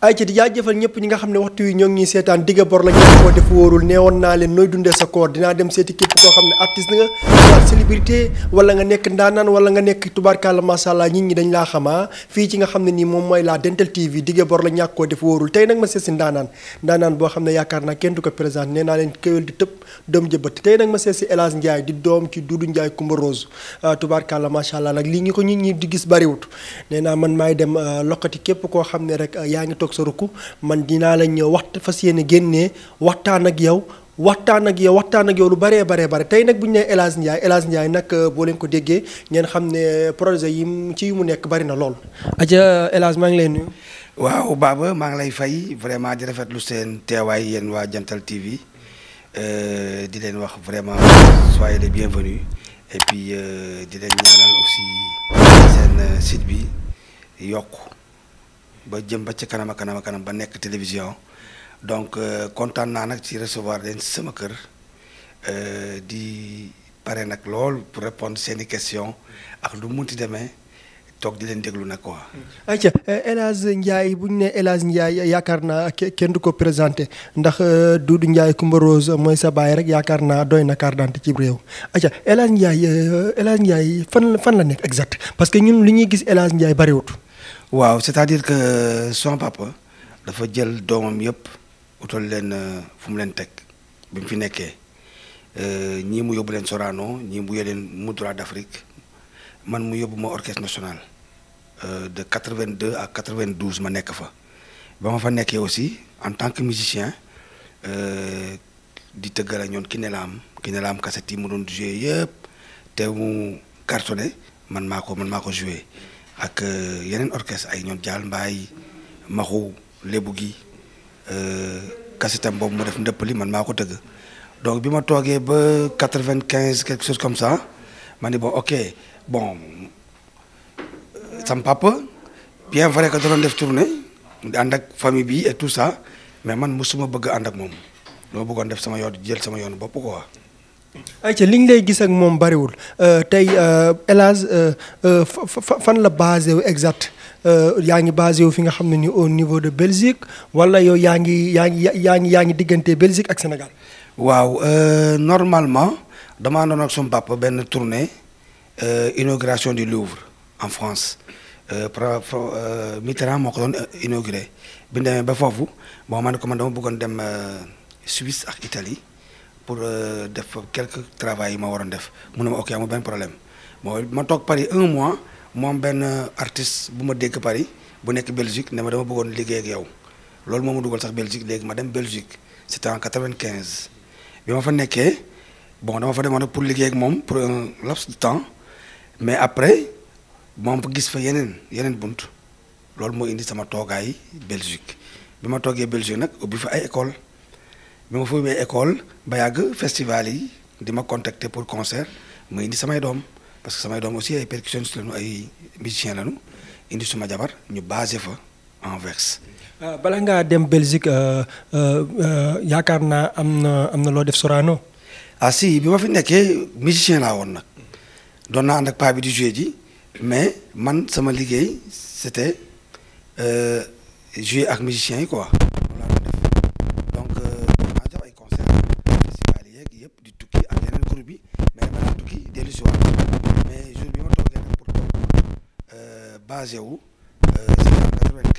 ay ci di jëfal ñëpp ñi nga xam ne waxtu wi ñoo ngi seetaan digga bor la ñu ko def wóorul ne woon naa leen nooy dundee sa koor dinaa dem seeti képp koo xam ne artiste nga wala célébrité wala nga nekk ndaanaan wala nga nekk tubaarkàlla macha allah dañ laa xamaa fii ci nga xam ne nii moom mooy la Dental TV digga bor la ñàkk koo def wóorul tey nag ma ndaanaan ndaanaan boo xam ne yaakaar naa kenn du ko présenté nee naa leen kéwél di tëb doom jëbët tey nag ma seet si El Hadj Ndiaye di doom ci Doudou macha allah ah, nag lii ñi ko nit ñi di gis bariwut nee naa man maay dem ah, lokkati képp koo xam ne rek ah, yaa ngi toog toog sa rukk man dinaa la ñëw waxta fas yéene génnee waxtaan ak yow waxtaan ak yow waxtaan ak yow lu baree baree bare tey nag bu ñu nee El Hadj Ndiaye El Hadj nag euh, boo leen ko déggee ngeen xam ne projet yi ci yu mu nekk bari na lool. aja El Hadj maa ngi lay waaw Baba maa ngi lay fay vraiment di rafetlu seen teewaay yéen waa Jantal TV euh, di leen wax vraiment soyez les bienvenus et puis euh, di leen ñaanal aussi seen site bi yokk. ba jëm ba ci kanam a kanam kanam ba nekk télévision donc euh, kontaan naa nag ci recevoir de sama kër euh, di pare nag lool pour répondre seeni question ak lu munti demee toog di leen déglu nag ko ayca El Hadj Ndiaye bu ñu nee El Hadj Ndiaye yaakaar naa kenn du ko présenté ndax euh, Doudou Ndiaye Coumba Rose mooy sa baay rek yaakaar naa doy na carte d'identité ci réew. ayca El Hadj Ndiaye El fan la fan la nekk exact parce que ñun li ñuy gis El Hadj Ndiaye bariwut. waaw cest a dire que son papa dafa jël doomam yëpp utal leen euh, fu mu leen teg bi mu fi nekkee euh, ñii mu yóbbu leen Sorano ñii mu yóbbu leen Moudoura d'Afrique man mu yóbbu ma orchestre national euh, de 82 à 92 ma nekk fa ba ma fa nekkee aussi en tant que musicien di tëggal ak ñoom Kinélam Kinélam cassette yi mu doon joué yëpp te mu cartonné man maa ko man maa ko joué. ak euh, yeneen orchestre ay ñoom Dial Mbaye Maxu Lebu gi euh, kasitam boobu mu def ndëppali man maa ko tëgg donc bi ma toogee ba quatre vingt quinze quelque chose comme sa ma ni boo ok bon sam papa bien vrai que da doon def tournée di ànd ak famille bi et tout ça mais man mosuma bëgg ànd ak moom loo bëggoon def sama yoon jël sama yoonu boppu quoi. ayca liñ lay gis ak moom bariwul euh, tey euh, El Hadj euh, fan la basé wu exact yaa ngi basé wu fi nga xam ne ni au niveau de Belgique wala yow yaa ngi yaa ngi yaa ngi yaa ngi diggante Belgique ak Sénégal. waaw normalement damaa doon ak suñu papa benn tournée inauguration du Louvre en France. pra Mitterrand moo ko doon inauguré bi ñu ba foofu bon man ko man dama bëggoon dem Suisse ak Italie. pour euh, def quelques travail yi ma waroon def mu ne ma ok amul benn problème mooy ma toog Paris un mois mu benn artiste bu ma dégg Paris bu nekk Belgique ne ma dama bëggoon liggéey ak yow loolu moo ma dugal sax Belgique léegi ma dem Belgique c'était en 95 bi ma fa nekkee bon dama fa demoon pour liggéey ak moom pour un laps de temps mais après moom gis fa yeneen yeneen bunt loolu moo indi sama toogaay Belgique bi ma toogee Belgique nag ubbi bi ma foobee école ba yàgg festival yi di ma contacter pour concert ma indi samay doom parce que samay doom aussi ay percussionniste lañu ay musiciens lañu indi suma jabar ñu basé fa Anvers. Euh, bala ngaa dem Belgique euh, euh, yaakaar naa am na am na loo def Sorano. ah si bi ma fi nekkee musicien laa woon nag doon naa ànd ak paa di jouer ji mais man sama liggéey c'était jouer ak musiciens yi quoi. basé wu si en quatre vingt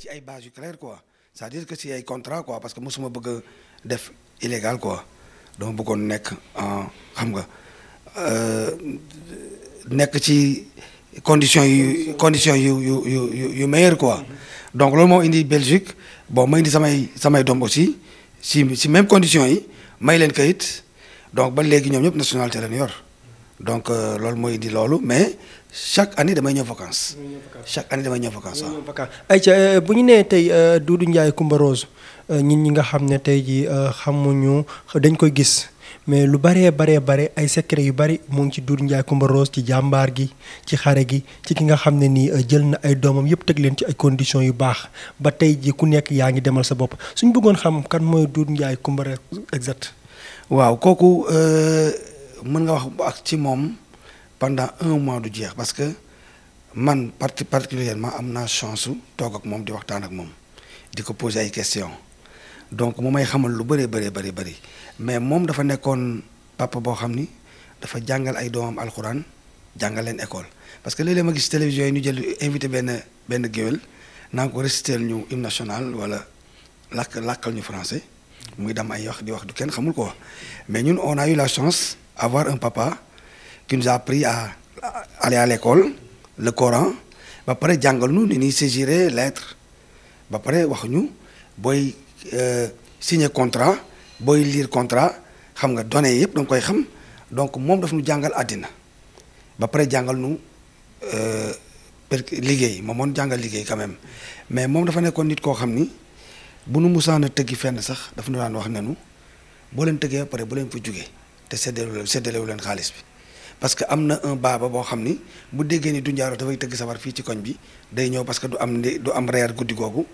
ci ay base yu claire quoi cest dire que si ay contrat quoi parce que mosuma bëgg a def illégal quoi dama bëggoon nekk en nga euh, nekk ci condition yu condition yu yu yu yu meilleur quoi donc loolu moo indi Belgique bon ma indi samay samay doom aussi si si même condition yi mayleen kayit donc ba léegi ñoom ñëpp nationalité la ñu yor donc euh, loolu mooy di loolu mais chaque année damay ñëw vacances. chaque année damay ñëw vacances waaw. ca euh, bu ñu nee tey euh, Doudou Ndiaye Coumba Rose ñun ñi nga xam ne tey jii xamuñu dañ koy gis. mais lu baree baree bare ay secret yu bari mu ngi ci Doudou Ndiaye Coumba Rose ci jàmbaar gi ci xare gi ci ki nga xam ne nii jël na ay doomam yëpp teg leen ci ay conditions yu baax ba tey ji ku nekk yaa ngi demal sa bopp suñ bëggoon xam kan mooy Doudou Ndiaye Coumba Rose exact waaw kooku euh, mën nga wax ak ci moom pendant un mois du jeex parce que man parti particulièrement am naa chance su toog ak moom di waxtaan ak moom di ko poser ay questions donc mu may xamal lu bëree bëree bëri bëri mais moom dafa nekkoon papa boo xam ni dafa jàngal ay doomam alxuraan jàngal leen école parce que léeg ma gis télévision yi ñu jël invité benn benn géwél naa ko réciter ñu hymne national wala làkk làkkal ñu français muy dem ay wax di wax du kenn xamul ko mais ñun on a eu la chance avoir un papa qui nous a appris à aller à l'école le Coran ba pare jàngal nu ni ñuy saisir lettre ba pare wax ñu booy euh, signer contrat booy liir contrat xam nga données yëpp danga koy xam donc moom daf ñu jàngal àddina ba pare jàngal nu euh, per liggéey moom moon jàngal liggéey quand même mais moom dafa nekkoon nit koo xam ni. bu nu musaana tëggi fenn sax daf nu daan wax nenu boo leen tëggee ba pare bu leen fa jógee te séddalewu séddalewu leen xaalis bi parce que am na un baaba boo xam ni bu déggee ni du njaaro dafay tëgg sabar fii ci koñ bi day ñëw parce que du am du am reer guddi googu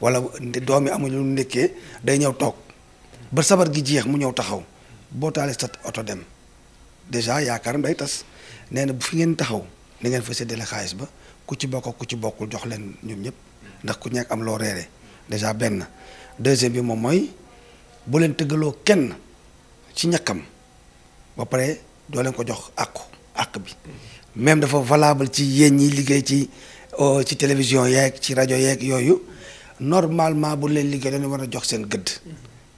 wala doom yi amuñu lu ndekkee day ñëw toog ba sabar gi jeex mu ñëw taxaw boo taalee sa oto dem dèjà yaakaaram day tas nee na bu fi ngeen taxaw ni ngeen fa séddale xaalis ba ku ci bokk ku ci bokkul jox leen ñoom ñëpp ndax ku nekk am loo reeree déjà benn deuxième bi moom mooy bu leen tëggaloo kenn ci ñàkkam ba pare doo leen ko jox àqu àq bi même dafa valable ci yéen ñi liggéey ci euh, ci télévision yeeg ci rajo yeeg yooyu normalement bu leen liggéey dañu war a jox seen gëdd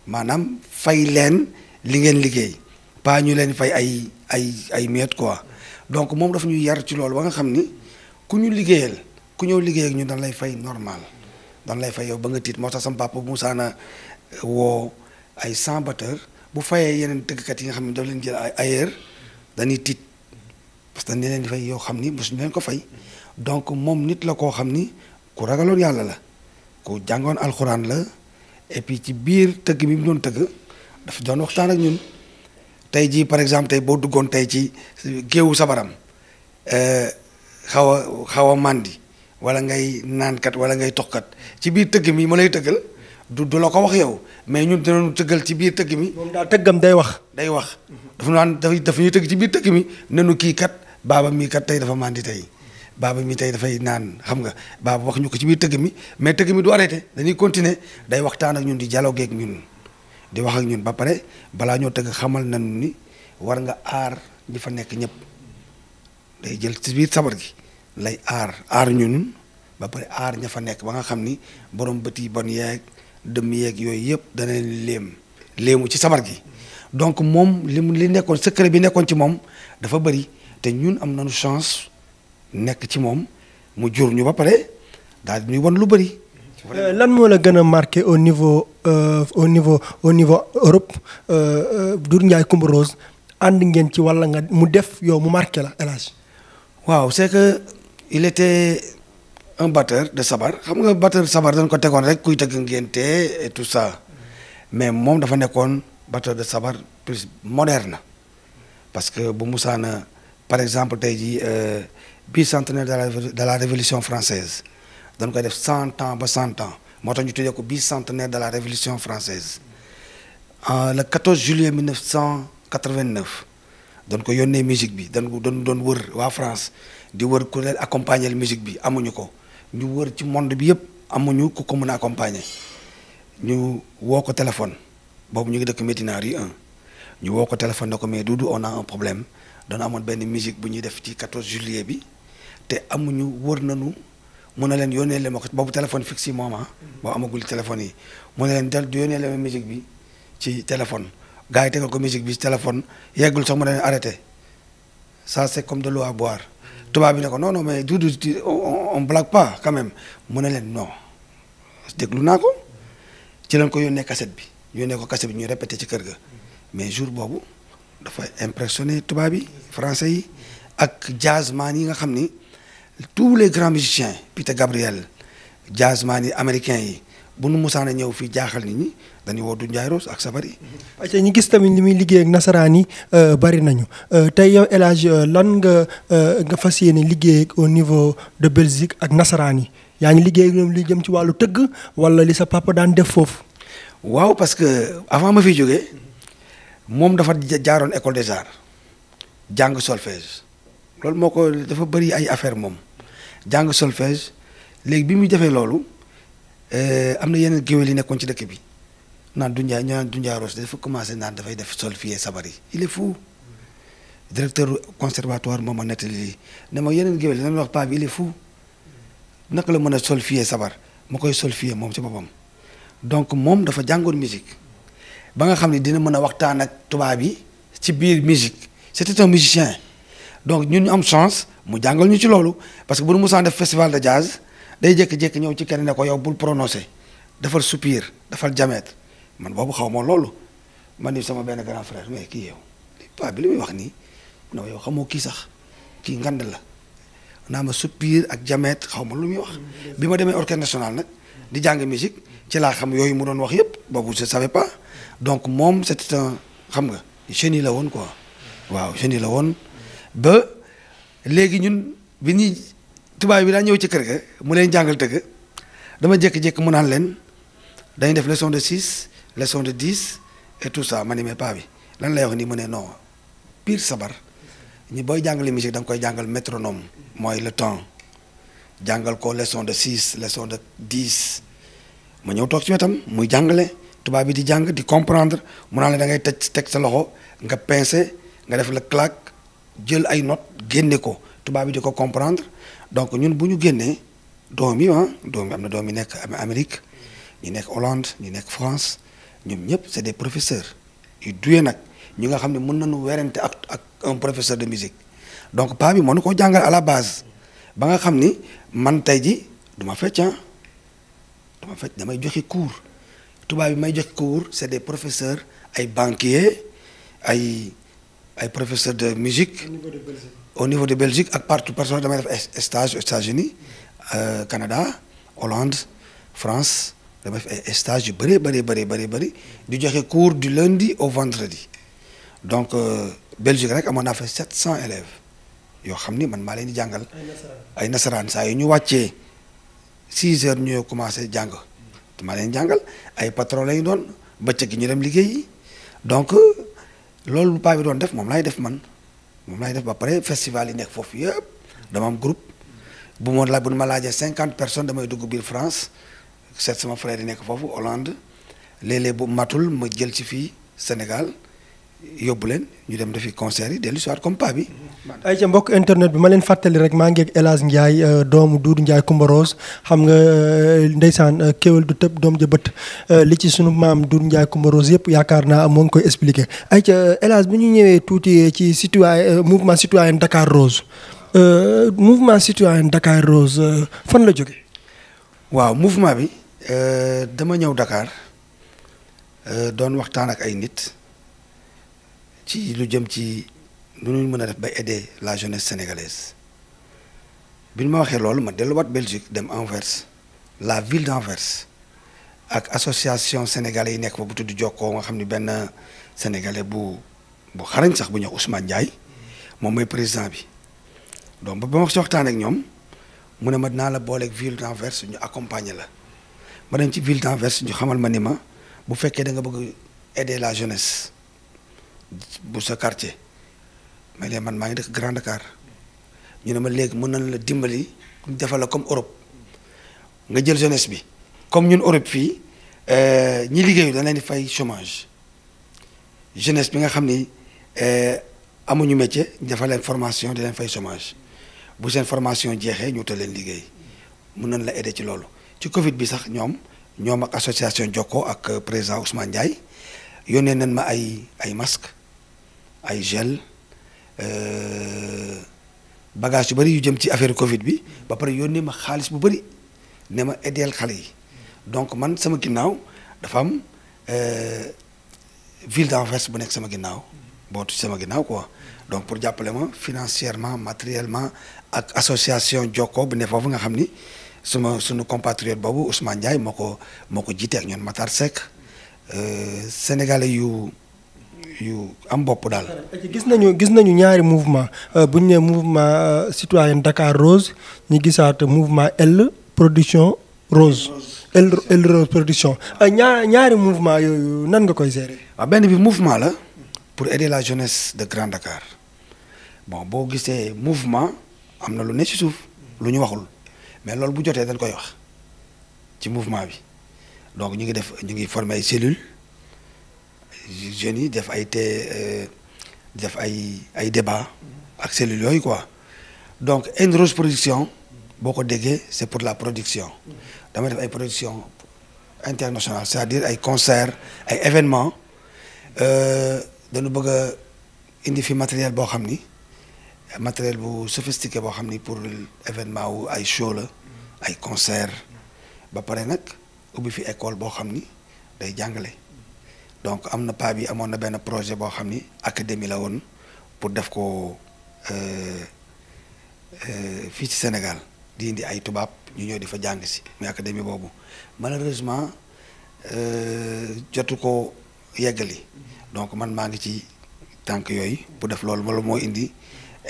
maanaam fay leen li ngeen liggéey pas ñu leen fay ay ay ay miettes quoi donc moom dafa ñuy yar ci loolu ba nga xam ni ku ñu liggéeyal ku ñëw liggéey ak ñu dañ lay fay normal danga lay fay yow ba nga tiit moo tax sama papa bu musaana woo ay cent batteur bu fayee yeneen tëggkat yi nga xam ne daf leen jël ailleurs dañuy tiit parce que dañ leen yoo xam ni mosuñu leen ko fay donc moom nit la koo xam ni ku ragaloon yàlla la ku jàngoon alxuraan la et puis ci biir tëgg mi mu doon tëgg dafa doon waxtaan ak ñun tey jii par exemple tey boo duggoon tey ci géewu sabaram euh, xaw a xaw a màndi wala ngay naankat wala ngay tox kat ci biir tëgg mi ma lay tëggal du du la ko wax yow mais ñun dinañu tëggal ci biir tëgg mi. moom daal tëggam day wax. day wax dafa naan dafay dafa ñuy tëgg ci biir tëgg mi nenu kii kat baaba mi kat tey dafa màndi tey baaba mi tey dafay naan xam nga baaba wax ñu ko ci biir tëgg mi mais tëgg mi du arrêté dañuy continuer day waxtaan ak ñun di dialogue ak ñun di wax ak ñun ba pare balaa ñoo tëgg xamal nañu ni war nga aar ñi fa nekk ñëpp day jël ci biir sabar gi. lay aar aar ñun ba pare aar ña fa nekk ba nga xam ni borom bët yi bon yeeg dëmm yeeg yooyu yëpp danañ léem léemu ci sabar gi donc moom li mu li nekkoon secret bi nekkoon ci moom dafa bëri te ñun am nañu chance nekk ci moom mu jur ñu ba pare daal di ñuy wan lu bëri. Euh, lan moo la gën a marqué au niveau euh, au niveau au niveau Europe euh, Doudou Ndiaye Coumba Rose ànd ngeen ci walla nga mu def yow mu marqué la El waaw il était un batteur de sabar xam nga batteur sabar dañ ko tegoon rek kuy tëgg ngénte et tout sa mais moom dafa nekkoon batteur de sabar plus moderne parce que bu musaana par exemple tey jii euh, bicentenaire de la de la révolution française dañ ko def cent ans ba cent ans moo ñu tuddee ko bicentenaire de la révolution française le 14 juillet 1989 dañ ko yónnee musique bi dañ ko doon doon wër waa France di wër ku leen accompagner musique bi amuñu ko ñu wër ci monde bi yëpp amuñu ku ko mën a accompagner ñu woo ko téléphone boobu ñu ngi dëkk Médina rue 1 ñu woo ko téléphone ne ko mais Doudou on a un problème dana amoon benn musique bu ñuy def ci 14 juillet bi te amuñu wër nañu mun ne leen yónnee leen ma ko boobu téléphone fixe yi moom ah. amagul téléphone yi mu leen del yónnee leen ma bi ci téléphone gars yi tegal ko musique bi ci téléphone yeggul sox mu ne leen arrêté sa c'est comme de l'eau à boire. tubaab bi ne ko non non mais Doudou on on blague pas quand même mu ne leen non déglu naa ko ci lañ ko yónnee cassette bi yónnee ko cassette bi ñu répété ci kër ga mais jour boobu dafa impressionné tubaab yi français yi ak jazzman yi nga xam ni tous les grands musiciens Peter Gabriel jazzman yi américains yi. bu nu musaana ñëw fii jaaxal nit ñi dañuy woo du Ndiaye Rose ak sa sabari yi. ñu gis tamit li muy liggéey ak nasaraan yi euh, bari nañu euh, tey yow El euh, lan nga nga fas yéene liggéey au niveau de Belgique ak nasaraan yi yaa ngi liggéey ak ñoom li jëm ci wàllu tëgg wala li sa papa daan def foofu. waaw parce que avant ma fiy jóge moom dafa jaaroon école des arts jàng solfège loolu moo ko dafa bëri ay affaire moom jàng solfège léegi bi muy jafee loolu. Eh, am na yeneen géwél yi nekkoon ci dëkk bi naan Dunja ñu naan Dunja Rose dafa commencé naan dafay def solfège sabar yi il est fou directeur conservatoire moo ma nettali lii ne ma yeneen géwél dañu wax paa bi il est naka la mën a solfège sabar ma koy solfège moom ci boppam donc moom dafa jàngoon musique ba nga xam ne dina mën a waxtaan ak tubaab yi ci biir musique c'était un musicien donc ñun ñu am chance mu jàngal ñu ci loolu parce que bu nu musaan def festival de jazz. day jékki-jékki ñëw ci kenn ne ko yow bul prononcé dafal soupir dafal jamet man boobu xaw ma loolu man ni sama benn grand frère mais kii yow paa wax nii non yow xamoo kii sax kii ngand la naa ma soupir ak jamet xaw ma lu muy wax. bi ma demee orchestre national nag di jàng musique ci laa xam yooyu mu doon wax yëpp boobu je savais pas donc moom c'était un xam nga génie la woon ko waaw génie woon ba léegi ñun bi ñuy tubaab bi daa ñëw ci kër ga mu leen jàngal dama jékki-jékki leen dañuy def leçon de six leçon de dix tout ça ma ne bi lan lay wax nii mu non pire sabar ñi booy jàngale musique da nga koy jàngal métronome mooy le temps jàngal ko leçon de six leçon de dix ma ñëw toog ci wetam muy jàngale tubaab bi di jàng di comprendre mu naan leen da ngay teg teg sa loxo nga pincé nga def la claque jël ay not génne ko tubaab bi di ko comprendre. donc ñun bu ñu génnee doom yi ah doom am na doom yi nekk Amérique ñu nekk Hollande ñu nekk France ñoom ñëpp c'est des professeurs duye nag ñi nga xam ne mën nañu werante ak ak un professeur de musique donc paa bi mënu koo jàngal à la base ba nga xam ni man tey ji du ma fecc ah, du ma fecc damay joxe cours tubaab bi may joxe cours c'est des professeurs ay banquiers ay ay professeurs de musique. au niveau de Belgique ak partout personnel damay def estage États-Unis euh, Canada Hollande France damay def ay stage yu bëree bëri bëri bëri bëri di joxe cours du lundi au vendredi donc euh, Belgique rek amoon naa fa cent élèves yoo xam ni man maa leen di jàngal. ay nasaraan saa yu ñu wàccee 6 heures ñu commencé jàng. maa leen jàngal ay patron lañu doon bëccëg gi ñu dem liggéey donc euh, loolu paa bi doon def moom laay def man. moom laay def ba pare festival yi nekk foofu yëpp dama am groupe bu moo la bu ma laajee cinquante personnes damay dugg biir France seet sama frère yi nekk foofu Hollande léeg-léeg bu matul ma jël ci fii Sénégal. yóbbu leen ñu dem defi concert yi dellu soir comme pas bi. ay ca mbokk internet bi ma leen fàttali rek maa ngi ak El Ndiaye euh, doomu Doudou Ndiaye Coumba Rose xam nga euh, ndeysaan euh, kéwel du tëb doom ja bët li ci sunu maam Doudou Ndiaye Coumba Rose yëpp yaakaar naa moo ngi koy expliqué. ay ca El Hadj bu ñu ñëwee tuuti ci citoyen mouvement citoyen Dakar Rose mouvement fan la jóge waaw mouvement bi dama ñëw Dakar doon waxtaan ak ay nit. ci lu jëm ci lu ñu mën a def ba aider la jeunesse sénégalaise bi ñu ma waxee loolu ma delluwaat Belgique dem Anvers la ville d'Anvers ak association sénégalais yi nekk fa bu tudd Jokkoo nga xam ni benn sénégalais bu bu xarañ sax bu ñëw Ousmane Ndiaye moom mooy président bi donc ba ma si waxtaan ak ñoom mu ne ma naa la booleeg ville d'Anvers ñu accompagner la ma dem ci ville d'Anvers ñu xamal ma ni ma bu fekkee da nga bëgg aider la jeunesse. bu sa quartier ma leen man maa ngi dëkk grande Dakar ñu ne ma léegi mën nañ la dimbali defal la comme Europe nga jël jeunesse bi comme ñun Europe fii euh, ñi liggéeyu dañ leen di fay chômage jeunesse bi nga xam ni euh, amuñu métier defal leen formation di fay chômage bu seen formation jeexee ñu wutal leen liggéey mun nañ la aider ci loolu ci Covid bi sax ñoom ñoom ak association Jokko ak euh, président Ousmane Ndiaye yónnee nañ ma ay ay masques. ay gel euh, bagage yu bari yu jëm ci affaire Covid bi ba pare yónnee ma xaalis bu bëri ne ma aideel xale yi donc man sama ginnaaw dafa am euh, ville d'enfance bu nekk sama ginnaaw bootu sama ginnaaw quoi donc pour jàppale ma financièrement matériellement ak association Jokko bu ne foofu nga xam ni suma suñu compatriote boobu Ousmane Ndiaye moo ko moo ko jiite ak ñoom Matar Seck euh, sénégalais yu. yu am bopp daal. gis nañu gis nañu ñaari mouvement euh, bu ñu nee mouvement euh, citoyen Dakar Rose ñu gisaat mouvement L production Rose. L L Rose production euh, ñaar ñaari mouvement yooyu nan nga koy gérer. waaw ah, benn bi mouvement la pour aider la jeunesse de Grand Dakar bon boo gisee mouvement am na lu ne si suuf lu ñu waxul mais loolu bu jotee dañ koy wax ci mouvement bi donc ñu ngi def ñu ngi former jeunes yi def ay te euh, def ay ay débat ak yooyu quoi donc Aine Rose production boo ko déggee c'est pour la production dama def ay production internationale c'est-à-dire ay concert ay événement euh, dañu bëgg a indi fi matériel boo xam ni matériel bu sophistiqué boo xam ni pour événement wu ay show la ay concert ba pare nag ubbi fi école boo xam ni day jàngale donc am na paa bi amoon na benn projet boo xam ni académie la woon pour def ko euh, euh, fii ci Sénégal di indi ay tubaab ñu ñëw di fa jàng si muy académie boobu malheureusement euh, jotu ko yeggali donc man maa ngi ci tànk yooyu bu def loolu loolu moo indi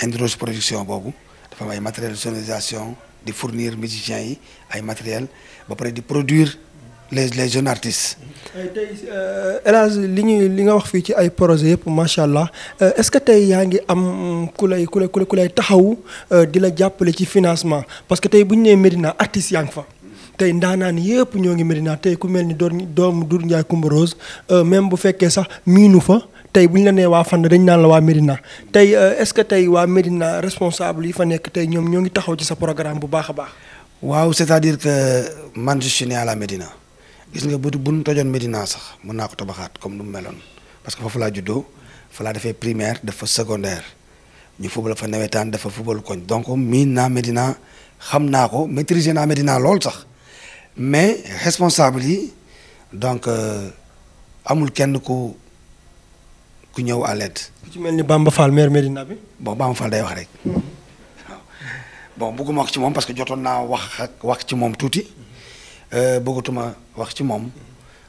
Indros production boobu dafa am ay matériel sonorisation di fournir musiciens yi ay matériel ba pare di produire les les jeunes artistes. Euh, tey euh, El li ñuy li nga wax fii ci ay projets yëpp macha allah euh, est-ce que tey yaa ngi am ku lay ku lay ku taxaw di la jàppale ci financement parce que tey bu ñu nee Médina artistes yaa ngi fa. tey ndaanaan yëpp ñoo ngi Médina tey ku mel ni doomu doom du Coumba Rose même bu fekkee sax miinu fa tey bu ñu la nee waa Fane dañ naan la waa Médina tey est-ce que tey waa Médina responsable yi fa nekk tey ñoom ñoo ngi taxaw ci sa programme bu baax a baax. waaw c'est-à-dire que man je la Médina. gis nga bu buñ tojoon Medina sax mën naa ko tabaxaat comme nu mu meloon parce que foofu laa juddoo fa laa defee primaire dafa secondaire ñu fubal fa nawetaan dafa fubal koñ donc miin naa Medina xam naa ko maitriser naa Medina lool sax mais responsable yi donc euh, amul kenn ku ku ñëw à l'aide. ci mel ni Bamba Fall bi. bon Bamba Fall day mm-hmm. wax ci moom parce que jotoon naa wax wax ci moom tuuti. Euh, bëggatuma wax ci moom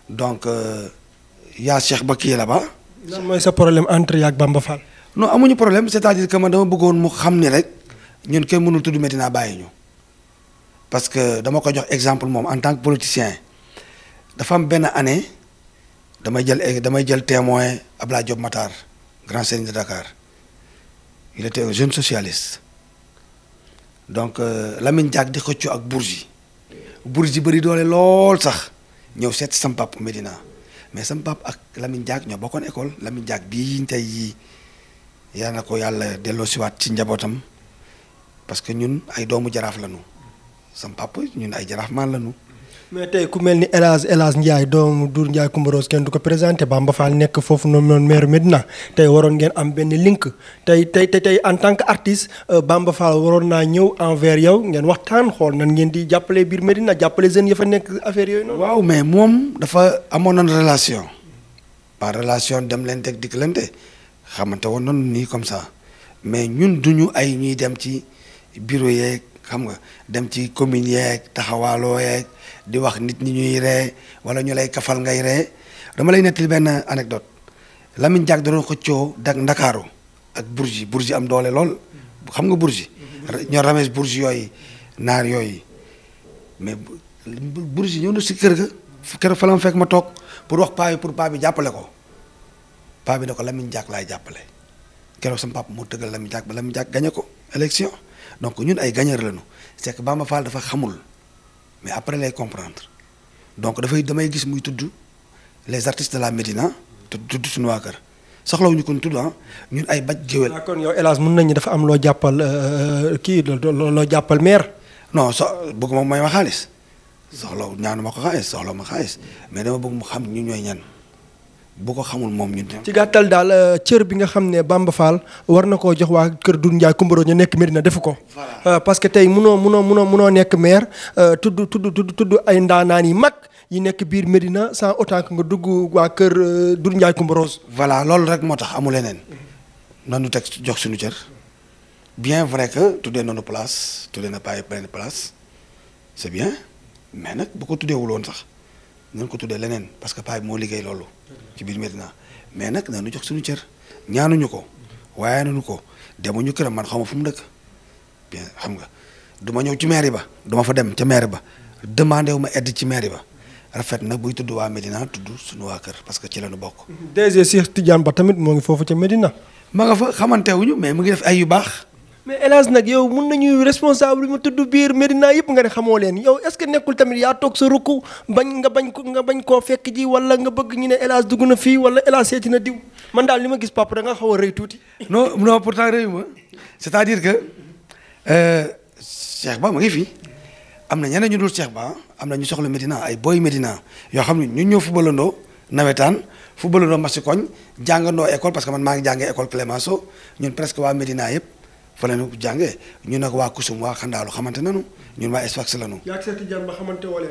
donc euh, yaa Cheikh ba kii la ba. lan mooy sa problème entre yaak ba Fall. non amuñu problème c'est-à-dire que ma dama bëggoon mu xam ni rek ñun kenn mënul tudd Medina bàyyi ñu parce que dama ko jox exemple moom en tant que politicien dafa am benn année damay jël e-, damay jël témoin Abdoulaye Diop Matar grand sëriñ de Dakar il était un jeune socialiste donc euh, Lamine Diack di xëccoo ak Bourgi bur ji bëri doole lool sax ñëw seet sam pap Medina mais sam pap ak Lamine Diack ñoo bokkoon école Lamine Diack bii tey yii yaa nga ko yàlla delloo siwaat ci njabootam parce que ñun ay doomu jaraaf la sam pap ñun ay jaraaf maan lañu mais tey ku mel ni El Hadj El Hadj Ndiaye doomu Dour Ndiaye Coumba kenn du ko présenté Bamba Fall nekk foofu noonu noonu maire Medina tey waroon ngeen am benn link tey tey tey en tant que artiste euh, Bamba Fall waroon naa ñëw envers yow ngeen waxtaan xool nan ngeen di jàppale biir Medina jàppale jeunes ya fa nekk affaire yooyu noonu. waaw mais moom dafa amoon nañ relation par relation dem leen teg dikkalante xamante woon nañu nii comme sax mais ñun du ñu ay ñuy dem ci bureau yeeg xam nga dem ci commune yeeg taxawaaloo yeeg. di wax nit ñi ñuy ree wala ñu lay kafal ngay ree dama lay nettali benn anecdote Lamine Diack doon xëccoo dak ndakaaru ak Bourgi Bourgi am doole lool xam nga Bourgi mm-hmm. ñoo ramees Bourgi yooyu naar yooyu mais Bourgi ñëw na si kër ga kër fa la fekk ma toog pour wax paa bi pour paa bi jàppale ko paa bi ne ko Lamine Diack laay jàppale keroog sama papa moo tëggal Lamine Diack ba Lamine Diack gañe ko élection donc ñun ay gagneur lañu c'est que Bamba Fall dafa xamul mais après lay comprendre donc dafay damay gis muy tudd les artistes de la Médina te tudd suñu waa kër soxlawuñu kon tudd ah ñun ay baj géwél ah, kon yow hélas mën nañu dafa am loo jàppal euh, euh, kii loo jàppal maire. non so bëgg ma may ma xaalis soxlaw ñaanu ma ko xaalis soxlaw ma xaalis mais dama bëgg mu xam ñu ñooy ñan. bu ko xamul moom ñu dem. ci gàttal daal euh, cër bi nga xam ne Bamba Fall war na koo jox waa kër Doudou Ndiaye Coumba Rose ñu nekk Medina defu ko. Euh, parce que tey munoo munoo munoo munoo nekk maire euh, tudd tudd tudd tudd ay ndaanaan yi mag yi nekk biir Medina sans autant que nga dugg waa kër Doudou Ndiaye Coumba voilà loolu rek moo tax amul leneen. nanu teg jox suñu cër. bien vrai que tuddee noonu place tuddee na bàyyi benn place c'est bien mais nag bu ko tuddeewul woon sax. nañ ko tuddee leneen parce que paa bi moo liggéey loolu ci biir Medina mais nag nañu jox suñu cër ñaanuñu ko waaye nañu ko demuñu këram man xaw ma fu mu dëkk bien xam nga du ma ñëw ci mairie ba du ma fa dem ca mairie ba demandé wu ma aide ci mairie ba rafet na buy tudd waa Medina tudd suñu waa kër parce que ci la ñu bokk. DG Cheikh Tidiane Ba tamit moo ngi foofu ca Medina. ma nga fa xamante wuñu mais mu ngi def ay yu mais hélas nag yow mun nañuy responsable mu tudd biir Medina yëpp nga ne xamoo leen yow est-ce que nekkul tamit yaa toog sa rukk bañ nga bañ ko nga bañ koo fekk ji wala nga bëgg ñu ne hélas dugg na fi wala hélas seeti na diw man daal li ma gis papa da nga xaw a rëy tuuti. non non pourtant rëyu ma c'est-à-dire que euh, Cheikh Ba ma ngi fi am na ñeneen ñu dul Cheikh Ba am na ñu soxla Medina ay boy Medina yoo xam ne ñun ñoo fubalandoo nawetaan fubalandoo match koñ jàngandoo école parce que man maa ngi jàngee école Clémenceau ñun presque waa Medina yëpp. fa la ñu jàngee ñun nag waa kusum waa xandaalu xamante nanu ñun waa espace la ñu. yaa ngi seeti jaan ba xamante wala.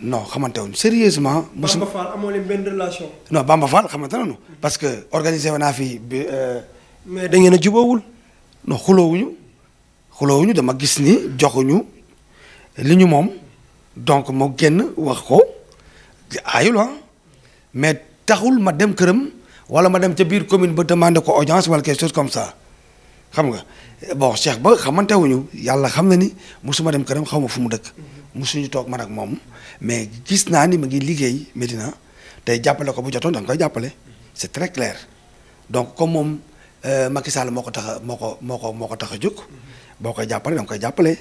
non xamante woon sérieusement. mosu Bamba Fall amoo benn relation. non Bamba Fall xamante nanu parce que organisé woon naa fi bi. Euh, mais da ngeen a jubóowul. non xuloowuñu xuloowuñu dama gis ni joxuñu li ñu moom donc moo génn wax ko ayul ah. mais taxul ma dem këram wala ma dem ca biir commune ba demander ko audience wala quelque comme ça. xam nga bon Cheikh ba xamante wuñu yàlla xam na ni musuma dem këram xaw ma fu mu dëkk. Mhm. musuñu toog ma ak moom mais gis naa ni ma ngi liggéey Medina tey jàppale ko bu jotoon da nga koy jàppale. Mhm. c'est très clair donc comme moom euh, Macky Sall moo ko tax a moo ko moo ko moo ko tax a jóg. Mhm. boo koy jàppale da nga koy jàppale.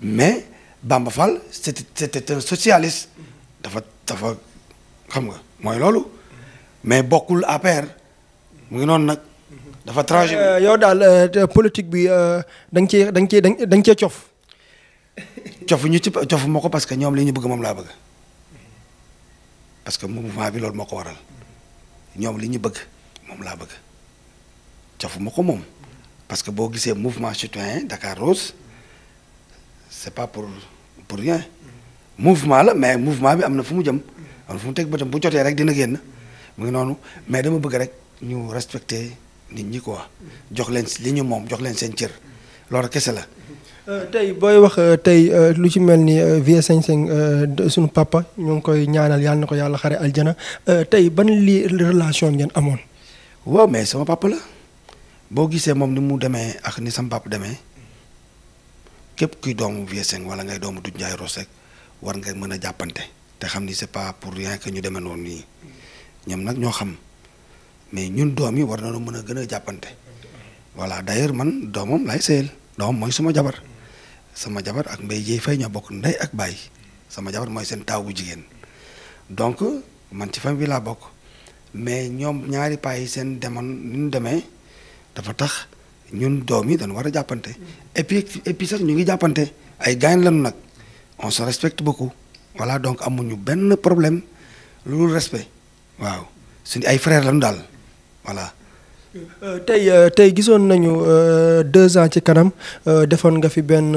mais Bamba Fall c'était c'était un socialiste. dafa dafa xam nga mooy loolu. mais bokkul APR mu ngi noonu dafa tranché. Euh, yow daal euh, politique bi euh, da nga cee da nga cee da nga cof. cofu ñu ci cofu ma ko parce que ñoom li ñu bëgg moom laa bëgg parce que mouvement bi loolu moo ko waral ñoom li ñu bëgg moom laa bëgg cofu ma ko moom. parce que boo gisee mouvement citoyen Dakar Rose c'est pas pour pour rien mouvement la mais mouvement bi am na fu mu jëm am na fu mu teg bëtam bu jotee rek dina génn mu ngi noonu mais dama bëgg rek ñu respecter. nit ñi quoi jox leen li ñu moom jox leen seen cër loolu kese la. Euh, tey booy wax euh, tey euh, lu ci mel ni Vieux Seng Seng suñu papa ñu ngi koy ñaanal yàlla na ko yàlla xare aljana tey ban lii relation ngeen amoon. waaw mais sama papa la boo gisee moom ni mu demee ak ni sama papa demee képp kuy doomu Vieux Seng wala ngay doomu Doudou Ndiaye Rose rek war nga mën a jàppante te xam ni c'est pas pour rien que ñu demee noonu nii ñoom nag ñoo xam. mais ñun doom yi war na nañoo mën a gën a jàppante voilà d'ailleurs man doomam laay sëyal doomam mooy suma jabar sama jabar ak mbay jéy fay ñoo bokk ndey ak baay sama jabar mooy seen taaw bu jigéen donc man ci famille bi laa bokk mais ñoom ñaari paa yi seen demoon ni ñu demee dafa tax ñun doom yi dañu war a jàppante et puis et puis sax ñu ngi jàppante ay gaañ lañu nag on se respecte beaucoup voilà donc amuñu benn problème lu respect waaw suñu ay frères lañu daal voilà. Euh, tey euh, tey gisoon nañu euh, deux ans ci kanam defoon nga fi benn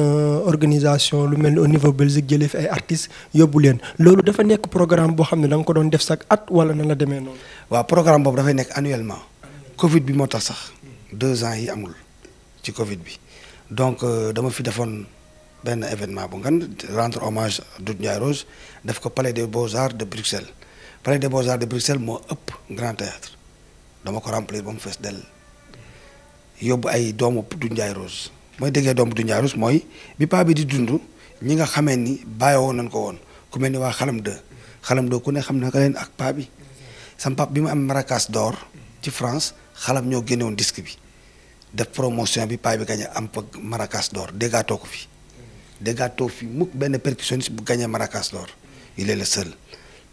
organisation lu mel ni au niveau Belgique jëlee fi ay artistes yóbbu leen loolu dafa nekk programme boo xam ne da nga ko doon def sax at wala na la demee noonu. waaw programme boobu dafay nekk annuellement. Covid bi moo tax sax. deux ans yi amul ci Covid bi donc dama fi defoon benn événement bu ngan rendre hommage Doudou Ndiaye Rose def ko Palais des Beaux-Arts de Bruxelles Palais des Beaux-Arts de Bruxelles moo ëpp dama ko remplir ba mu fees dell yóbbu ay doomu Dundiaye Rose mooy déggee doomu Dundiaye Rose mooy bi paa bi di dund ñi nga xamee ni bàyyoo nañ ko woon ku mel ni waa xalam de xalam de ku ne xam ne leen ak paa bi sam pap bi mu am Maracas door ci France xalam ñoo génnewoon disque bi def promotion bi paa bi gañe am fa Maracas d'or déggaatoo ko fi déggaatoo fi mukk benn percussionniste bu gañe Maracas d'or il est le seul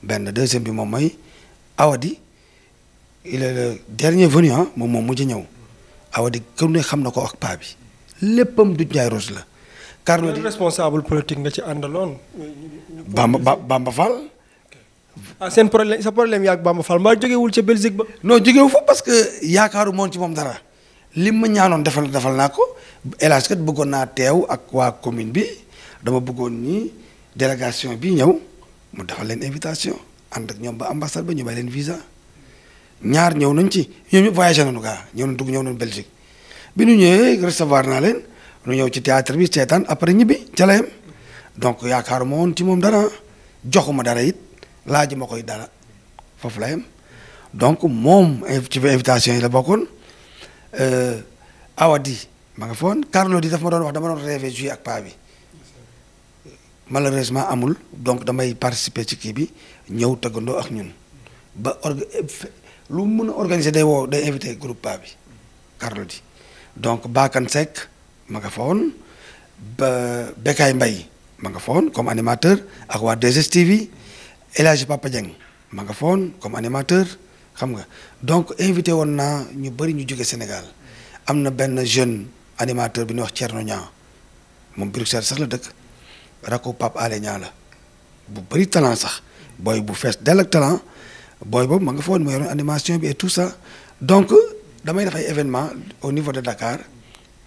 benn deuxième bi moom mooy Awadi il est le dernier venu ah moom moom mujj ñëw awa di ku ne xam na ko ak paa bi léppam du jaay Rose la. kar D responsable politique nga ci àndaloon. Bamba Ba Bamba Fall. ah seen problème sa problème yaa ak Bamba Fall maa jogewul ca Belgique ba. non jogewu fa parce que yaakaaru moon ci moom dara li ma ñaanoon defal defal naa ko hélas kat bëggoon naa teew ak waa commune bi dama buggoon ni délégation bi ñëw mu defal leen invitation ànd ak ñoom ba ambassade ba ñu bay leen visa. ñaar ñëw nañ ci ñoom ñëpp voyagé nañu gaa ñëw nañ dugg ñëw bi ñu ñëwee recevoir naa leen ñu ñëw ci théâtre bi seetaan après ñibbi ca la yem donc yaakaaruma woon ci moom dara joxuma dara it laaj ma koy dara foofu la yem donc moom ci invitation yi la bokkoon euh, Awadi ma nga foon Carlo di daf ma doon wax dama doon rêvé jouer ak paa bi malheureusement amul donc damay participer ci kii bi ñëw tëggandoo ak ñun lu mu mën a organiser day woo day invité groupe pa bi Carlodi donc Bakan Seck ma nga fa woon ba ma nga fa comme animateur ak waa 2STV El Hadj Papa Dieng nga fa comme animateur xam nga donc invité woon naa ñu bëri ñu jóge Sénégal am na benn jeune animateur bi ñuy wax Thierno Niang moom Bruxelles sax la dëkk rakku Pape Alé Niang la bu bëri talent sax booy bu fees dell ak booy boobu ma nga fa woon ma yoroon animation bi et tout ça donc damay def ay événement au niveau de Dakar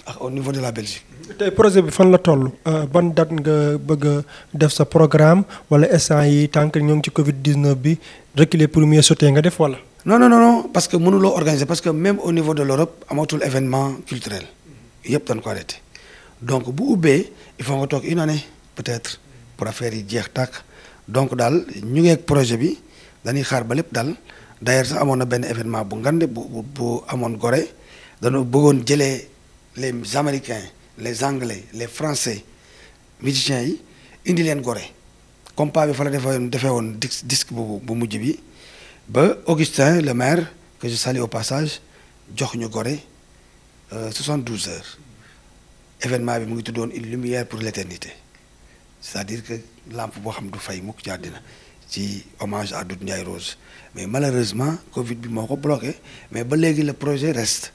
ak au niveau de la Belgique. tey projet bi fan la toll euh, ban date nga bëgg def sa programme wala essant yi tànk ñoo ngi ci Covid 19 bi reculer premier sotee nga def wala. non non non parce que mënuloo organiser parce que même au niveau de l'Europe amatul événement culturel yëpp dañ ko donc bu ubbee il faut nga toog une année peut-être pour affaire yi jeex tàkk donc daal ñu ngi projet bi. dañuy xaar ba lépp dal d'ailleurs sax amoon na benn événement bu ngande bu bu amoon gore dañu bëggoon jëlee les américains les anglais les français musiciens yi indi leen Gorée compas bi fa la defee defee woon disque bu bu mujj bi ba Augustin le maire que je salue au passage jox ñu Gorée 72 euh, heures événement bi mu ngi tuddoon une lumière pour l'éternité c'est-à-dire que lampe boo xam du fay mukk ci àddina ci hommage à Doudou Ndiaye Rose mais malheureusement Covid bi moo ko bloqué mais ba léegi le projet reste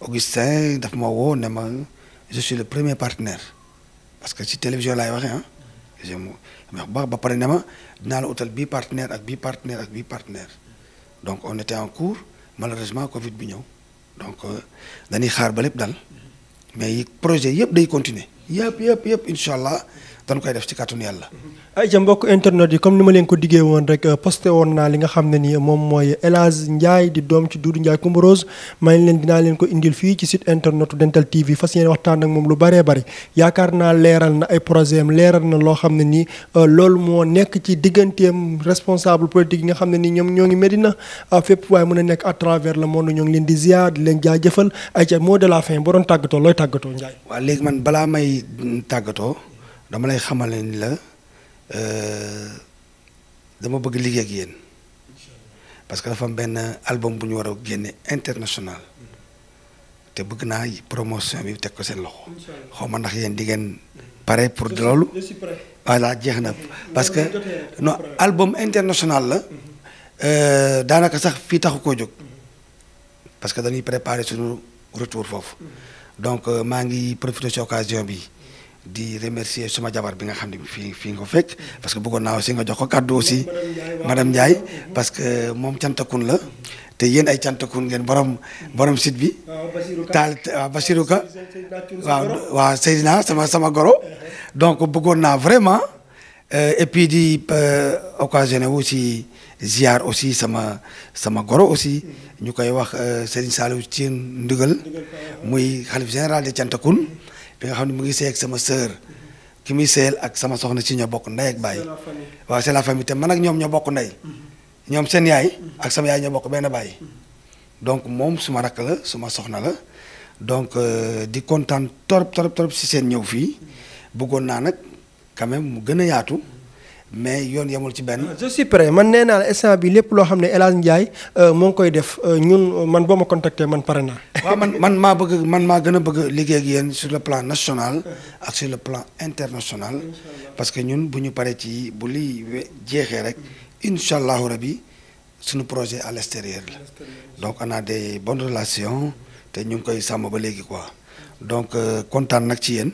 Augustin daf ma woo ne ma je suis le premier partenaire parce que si télévision laay waxee ah. je mu wax bu ba pare ne ma dinaa la utal bii partenaire ak bii partenaire ak bii partenaire donc on était en cours malheureusement Covid bi ñëw donc euh, dañuy xaar ba lépp dal mais projet yëpp day continuer yëpp yëpp yëpp incha dañ koy def ci kàttanu yàlla. ay ca mbokk internet yi comme ni ma leen ko diggee woon rek euh, posté woon naa li nga xam ne nii moom mooy El Hadj di doom ci Doudou Ndiaye Coumba Rose may leen dinaa leen ko indil fii ci site internet Dental TV fas yéene waxtaan ak moom lu bëree bëri yaakaar naa leeral na ay projet leeral na loo xam ne nii euh, loolu moo nekk ci digganteem responsable politique yi nga xam ne nii ñoom ñoo ngi Medina euh, fépp waaye mën a nekk à travers le monde ñoo ngi leen di ziar di leen jaajëfal ay ca mot de la fin boo doon tàggatoo looy tàggatoo Ndiaye. waaw man balaa may tàggatoo. dama lay xamale ni la euh, dama bëgg liggéey ak yéen parce que dafa am benn album bu ñu war a génne international te bëgg naa promotion bi teg ko seen loxo xaw ma ndax yéen di ngeen pare pour loolu voilà jeex na parce que no album international la euh, daanaka sax fii taxu koo jóg parce que dañuy préparer suñu retour foofu donc euh, maa ngi profité ci occasion bi di remercier suma jabar bi nga xam ne fii fii nga ko fekk parce que bëggoon naa aussi nga jox ko kàddu aussi madame Ndiaye parce que moom cantakun la te yéen ay cantakun ngeen borom borom site bi. taal waaw Basirou Ka waaw waaw Seydina sama sama goro. donc bëggoon naa vraiment euh, et puis di euh, occasionné wu si ziar aussi sama sama goro aussi ñu koy wax euh, Serigne Saliou Thioune ndugal muy xalif général de cantakun bi nga xam ne mu ngi seey ak sama sœur ki muy seyal ak sama soxna si ñoo bokk ndey ak baay waaw c'est la famille te man ak ñoom ñoo bokk ndey mm-hmm. ñoom seen yaay ak sama yaay ñoo bokk benn baay mm-hmm. donc moom suma rakk la suma soxna la donc euh, di kontaan torop torop torop si seen ñëw fii mm-hmm. buggoon naa nag quand mu gën a yaatu mais yoon yamul ci benn. je man nee naa la instant bi lépp loo xam ne El Hadj euh, moo ngi koy def euh, ñun euh, man boo ma contacter man pare naa. waaw man man maa bëgg man maa gën a bëgg liggéey ak yéen sur le plan national ak sur le plan international parce que ñun bu ñu paree ci bu li jeexee rek incha allahu rabi suñu projet à l'extérieur la donc on a des bonnes relations te ñu ngi koy sàmm ba léegi quoi donc kontaan nag ci yéen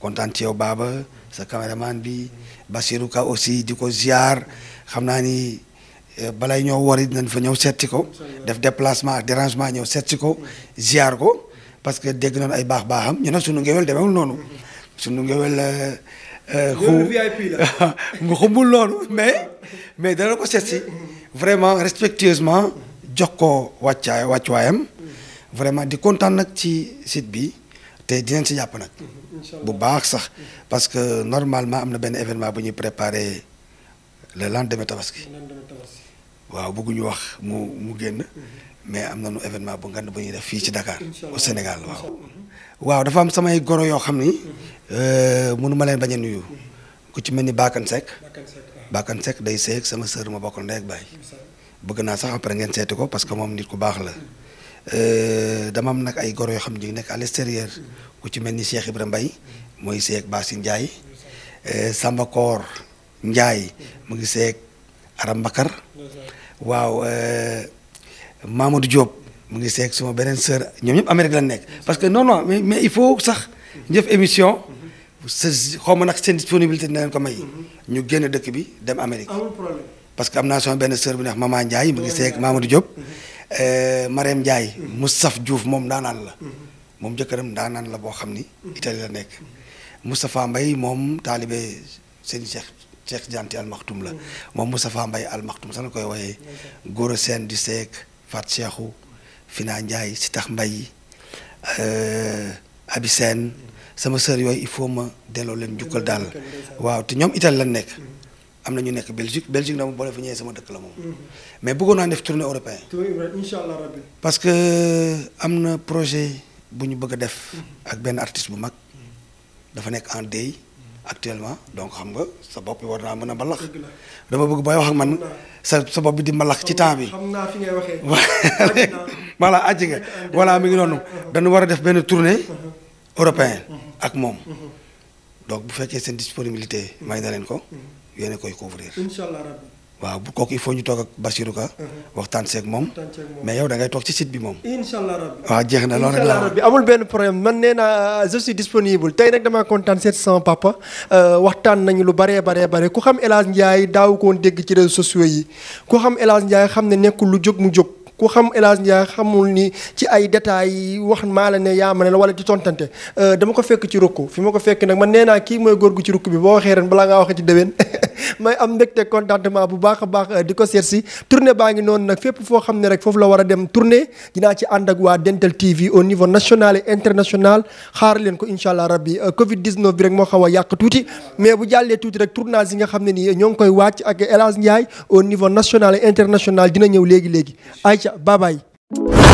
kontaan ci yow Baba sa caméraman bi. Bassirou Ka aussi di ko ziar xam naa ni eh, balaay ñoo wari dinañ fa ñëw setti ko def déplacement ak dérangement ñëw setti ko ziar ko parce que dégg noonu ay baax baaxam ñu ne sunu ngewel demewul noonu sunu ngewel eh, eh, mu xumbul noonu mais mais dana ko seet vraiment respectueusement jox ko wàccaay wàccuwaayam vraiment di kontaan nag ci site bi te dinañ si jàpp nag bu baax sax parce que normalement am na benn événement bu ñuy préparer le lendemain tabaski waaw bëgguñu wax mu mu génn mais am na nañu événement bu ne bu ñuy def fii ci Dakar au Sénégal waaw dafa am samay goro yoo xam ni euh, mënu ma leen bañ a ku ci mel ni Bakane Seck Bakane Seck day seeg sama sœur ma bokk ndey ak baay bëgg naa sax après ngeen seeti ko parce que moom nit ku baax la Euh, dama am nag ay goro yoo xam ne ñu ngi nekk à l'extérieur ku ci mel ni Cheikh Ibrahima Mbaye mooy seeg Bassi Ndiaye euh, Samba Koor Ndiaye mu ngi seeg Aram Bakar waaw euh, Mamadou Diop mu ngi seeg suma beneen sœur ñoom ñëpp Amérique la nekk parce que non non mais il faut sax njëf émission sa xaw ma nag seen disponibilité dina leen ko may ñu génn dëkk bi dem Amérique parce que am naa sama benn sœur bu neex Mama Ndiaye mu ngi seeg Mamadou Diop Eh, Marème Ndiaye. Moustapha Diouf moom daanaan la. moom jëkkëram daanaan la boo xam ni. Italie la nekk. Moustapha Mbaye moom taalibe seen Cheikh Cheikh Janti Almakhtoum la. moom Moustapha mbay Almakhtoum sax la koy wooyee. Gora Sène di Seck Fat Cheikhou. Fina Ndiaye Sitax Mbaye. Eh, Abi Sène sama sœur yooyu il faut ma delloo leen jukkal daal waaw te ñoom Italie la nekk. am na ñu nekk Belgique Belgique na mu boole fa ñëwee sama dëkk la moom. mais bëggoon naa def tournée européen. tournée parce que am na projet bu ñu bëgg a def. ak benn artiste bu mag. dafa nekk en déy actuellement donc xam nga sa bopp bi war naa mën a mbalax. dama bëgg booy wax ak man sa sa bopp bi di mbalax ci temps bi. xam naa fi nga voilà mi ngi noonu. dañu war a def benn tournée. européen ak moom. Mhm. donc bu fekkee seen disponibilité. may na leen ko. Mhm. yéen koy couvrir. incha allah waaw bu kooku il faut ñu toog ak Bassirou Ka. Uh-huh. waxtaan seeg moom. mais yow da ngay toog ci site bi moom. incha allah jeex na loolu rek la rabbi amul benn problème man nee naa je disponible tey nag damaa kontaan seet sama papa euh, waxtaan nañu lu baree baree bare ku xam El Hadj Ndiaye daaw koon dégg ci réseaux sociaux yi ku xam El Hadj xam ne nekkul lu jóg mu jóg. ku xam El Hadj xamul ni ci ay détails yi wax maa la ne yaa ma ne la wala di tontante euh, dama ko fekk ci rukk fi ma ko fekk nag man nee naa kii mooy góor gu ci rukk bi boo waxee ren balaa ngaa a ci déwén may am mbégte contentement bu baax a baax euh, di ko seet si tournée baa ngi noonu nag fépp foo xam ne rek foofu la war a dem tournée dinaa ci ànd ak waa Dental TV au niveau national et international xaar leen ko incha allah rabbi euh, Covid 19 bi rek moo xaw a yàq tuuti mais bu jàllee tuuti rek tournage yi nga xam ne nii ñoo ngi koy wàcc ak El Hadj Ndiaye au niveau national et international dina ñëw léegi léegi ayca baabaay.